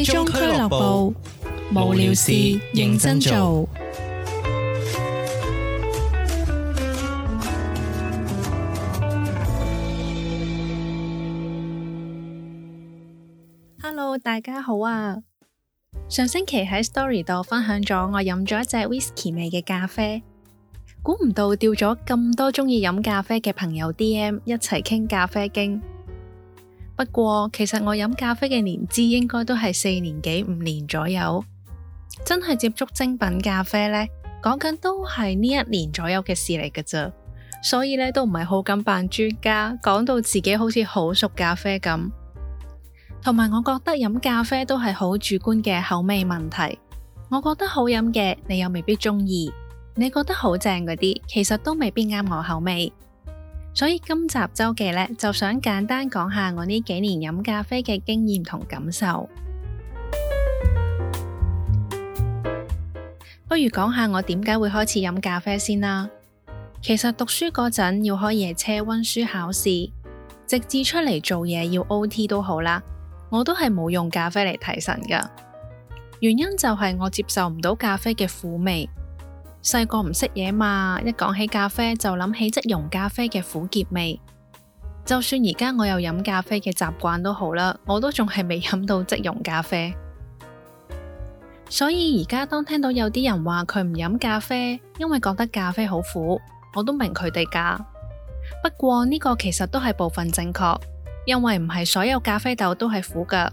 最終俱樂部，無聊事認真做。Hello，大家好啊！上星期喺 Story 度分享咗我飲咗一隻威士忌味嘅咖啡，估唔到釣咗咁多中意飲咖啡嘅朋友 DM 一齊傾咖啡經。不過其實我飲咖啡嘅年資應該都係四年幾五年左右，真係接觸精品咖啡呢，講緊都係呢一年左右嘅事嚟嘅啫，所以呢都唔係好敢扮專家，講到自己好似好熟咖啡咁。同埋我覺得飲咖啡都係好主觀嘅口味問題，我覺得好飲嘅，你又未必中意；你覺得好正嗰啲，其實都未必啱我口味。所以今集周記呢，就想簡單講下我呢幾年飲咖啡嘅經驗同感受。 不如講下我點解會開始飲咖啡先啦。其實讀書嗰陣要開夜車溫書考試，直至出嚟做嘢要 OT 都好啦，我都係冇用咖啡嚟提神㗎。原因就係我接受唔到咖啡嘅苦味。細個唔識嘢嘛，一講起咖啡就諗起即溶咖啡嘅苦澀味。就算而家我有飲咖啡嘅習慣都好啦，我都仲係未飲到即溶咖啡。所以而家當聽到有啲人話佢唔飲咖啡，因為覺得咖啡好苦，我都明佢哋噶。不過呢個其實都係部分正確，因為唔係所有咖啡豆都係苦噶。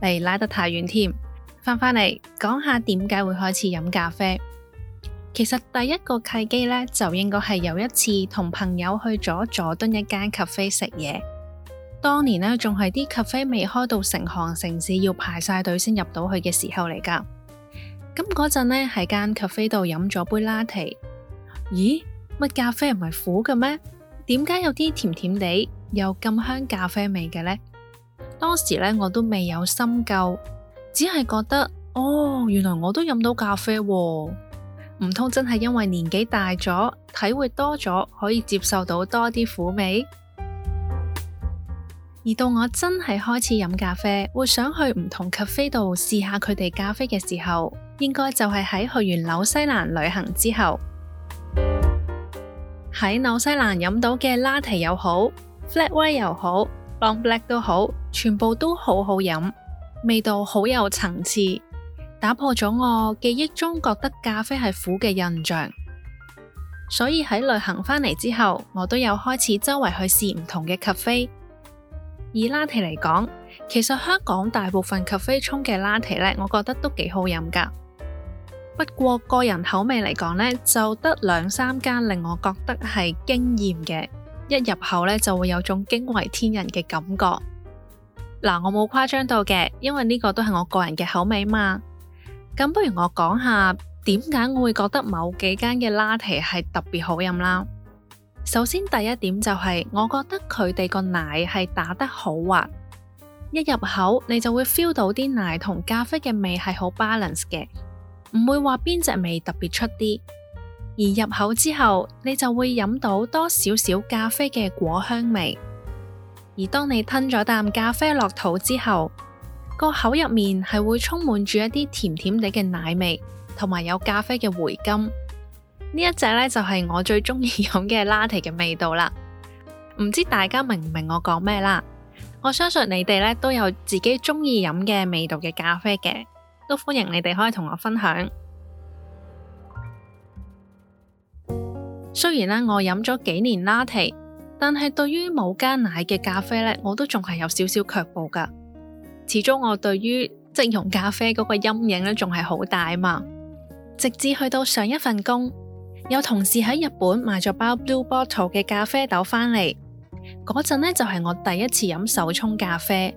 嚟，拉得太遠添，翻返嚟講下點解會開始飲咖啡。其實第一個契機呢，就應該係有一次同朋友去咗佐敦一間 cafe 食嘢。當年呢，仲係啲 cafe 未開到成行城市，要排晒隊先入到去嘅時候嚟㗎。咁嗰陣呢，喺間 cafe 度飲咗杯拉提。咦，乜咖啡唔係苦嘅咩？點解有啲甜甜地又咁香咖啡味嘅呢？當時呢，我都未有深究，只係覺得哦，原來我都飲到咖啡喎。唔通真係因為年紀大咗，體會多咗，可以接受到多啲苦味。 而到我真係開始飲咖啡，會想去唔同咖啡度試下佢哋咖啡嘅時候，應該就係喺去完紐西蘭旅行之後，喺紐 西蘭飲到嘅拉提又好，flat white 又好，long black 都好，全部都好好飲，味道好有層次。打破咗我記憶中覺得咖啡係苦嘅印象，所以喺旅行返嚟之後，我都有開始周圍去試唔同嘅咖啡。以拉提嚟講，其實香港大部分咖啡沖嘅拉提呢，我覺得都幾好飲㗎。不過個人口味嚟講呢，就得兩三間令我覺得係驚艷嘅，一入口呢，就會有種驚為天人嘅感覺。嗱，我冇誇張到嘅，因為呢個都係我個人嘅口味嘛。咁不如我講下點解我會覺得某幾間嘅拉提係特別好飲啦。首先第一點就係，我覺得佢哋個奶係打得好滑，一入口你就會 feel 到啲奶同咖啡嘅味係好 balance 嘅，唔會話邊隻味特別出啲。而入口之後，你就會飲到多少少咖啡嘅果香味。而當你吞咗啖咖啡落肚之後，個口入面係會充滿住一啲甜甜地嘅奶味，同埋有咖啡嘅回甘。呢一隻呢，就係我最中意飲嘅拉提嘅味道啦。唔知大家明唔明我講咩啦？我相信你哋呢都有自己中意飲嘅味道嘅咖啡嘅，都歡迎你哋可以同我分享。雖然呢，我飲咗幾年拉提，但係對於冇加奶嘅咖啡呢，我都仲係有少少卻步噶。始終我對於即溶咖啡嗰個陰影咧仲係好大嘛，直至去到上一份工，有同事喺日本買咗包 Blue Bottle 嘅咖啡豆翻嚟，嗰陣呢，就係我第一次飲手沖咖啡，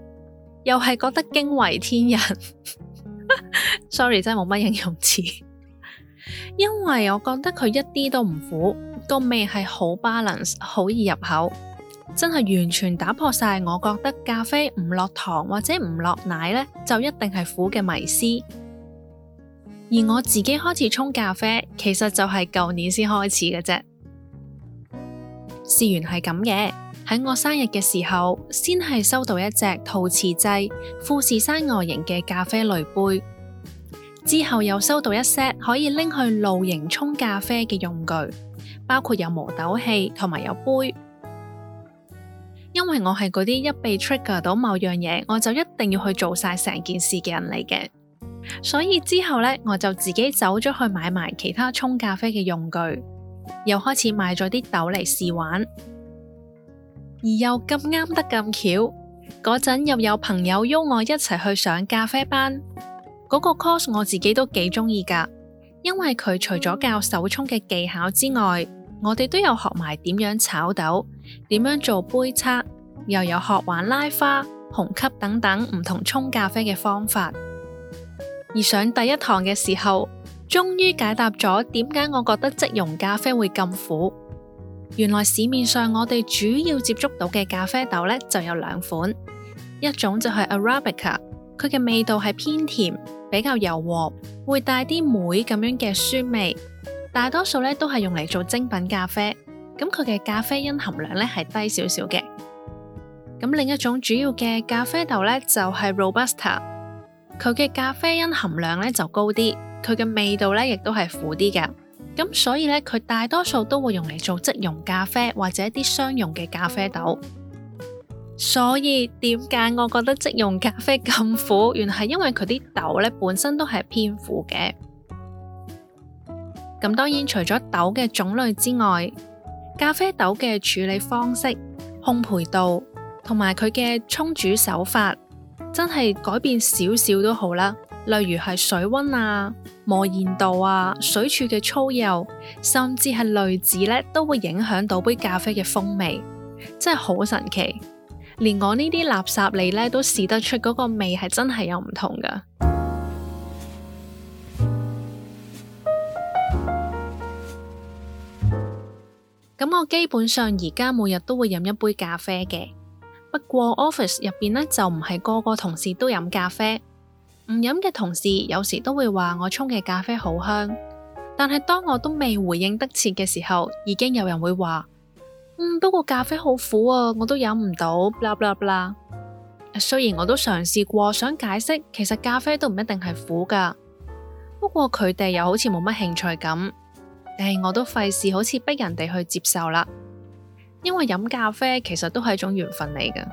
又係覺得驚為天人。 Sorry，真係冇乜形容詞， 因為我覺得佢一啲都唔苦，個味係好 balance，好易入口。真係完全打破晒，我覺得咖啡唔落糖或者唔落奶呢，就一定係苦嘅迷思。而我自己開始沖咖啡，其實就係舊年先開始嘅啫。事緣係咁嘅，喺我生日嘅時候，先係收到一隻陶瓷製富士山外形嘅咖啡濾杯，之後又收到一 set 可以拎去露營沖咖啡嘅用具，包括有磨豆器同埋有，有杯。因為我係嗰啲一被 trigger 到某樣嘢，我就一定要去做晒成件事嘅人嚟嘅，所以之後呢，我就自己走咗去買埋其他沖咖啡嘅用具，又開始買咗啲豆嚟試玩，而又咁啱得咁巧，嗰陣又有朋友邀我一齊去上咖啡班，嗰、嗰個 course 我自己都幾中意噶，因為佢除咗教手沖嘅技巧之外，我哋都有學埋點樣炒豆，點樣做杯測，又有學玩拉花、虹吸等等唔同沖咖啡嘅方法。而上第一堂嘅時候，終於解答咗點解我覺得即溶咖啡會咁苦。原來市面上我哋主要接觸到嘅咖啡豆呢，就有兩款，一種就係 Arabica，佢嘅味道係偏甜，比較柔和，會帶啲梅咁樣嘅酸味。大多數咧都係用嚟做精品咖啡，咁佢嘅咖啡因含量咧係低少少嘅。咁另一種主要嘅咖啡豆咧就係 Robusta，佢嘅咖啡因含量咧就高啲，佢嘅味道咧亦都係苦啲嘅。咁所以咧佢大多數都會用嚟做即溶咖啡或者一啲商用嘅咖啡豆。所以點解我覺得即溶咖啡咁苦？原來係因為佢啲豆咧本身都係偏苦嘅。咁當然，除咗豆嘅種類之外，咖啡豆嘅處理方式、烘焙度同埋佢嘅沖煮手法，真係改變少少都好啦。例如係水溫啊、磨研度啊、水柱嘅粗幼，甚至係濾紙呢都會影響到杯咖啡嘅風味，真係好神奇。連我呢啲垃圾嚟呢都試得出嗰個味係真係有唔同噶。咁我基本上而家每日都會飲一杯咖啡嘅，不過 office 入邊呢，就唔係個個同事都飲咖啡，唔飲嘅同事有時都會話我沖嘅咖啡好香，但係當我都未回應得切嘅時候，已經有人會話嗯，不過咖啡好苦啊，我都飲唔到啦啦啦。雖然我都嘗試試過想解釋，其實咖啡都唔一定係苦噶，不過佢哋又好似冇乜興趣咁。誒、欸，我都費事，好似逼人哋去接受啦。因為飲咖啡其實都係一種緣分嚟㗎。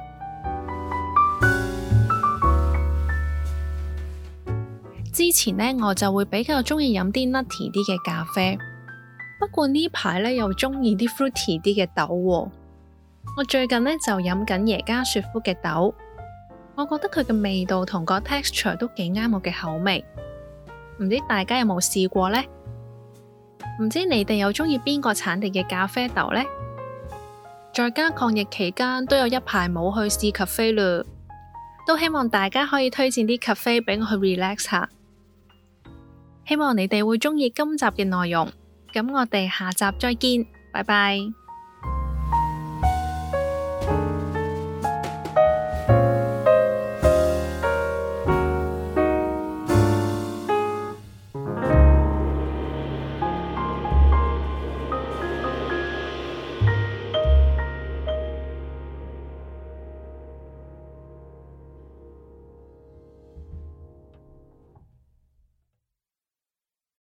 之前呢，我就會比較中意飲啲 nutty 啲嘅咖啡。不過呢排呢又中意啲 fruity 啲嘅豆喎。我最近呢就飲緊耶加雪夫嘅豆，我覺得佢嘅味道同個 texture 都幾啱我嘅口味。唔知大家有冇試過呢？唔知你哋又中意邊個產地嘅咖啡豆呢？在家抗疫期間都有一排冇去試咖啡咯，都希望大家可以推薦啲咖啡俾我去 relax 下。希望你哋會中意今集嘅內容，咁我哋下集再見，拜拜。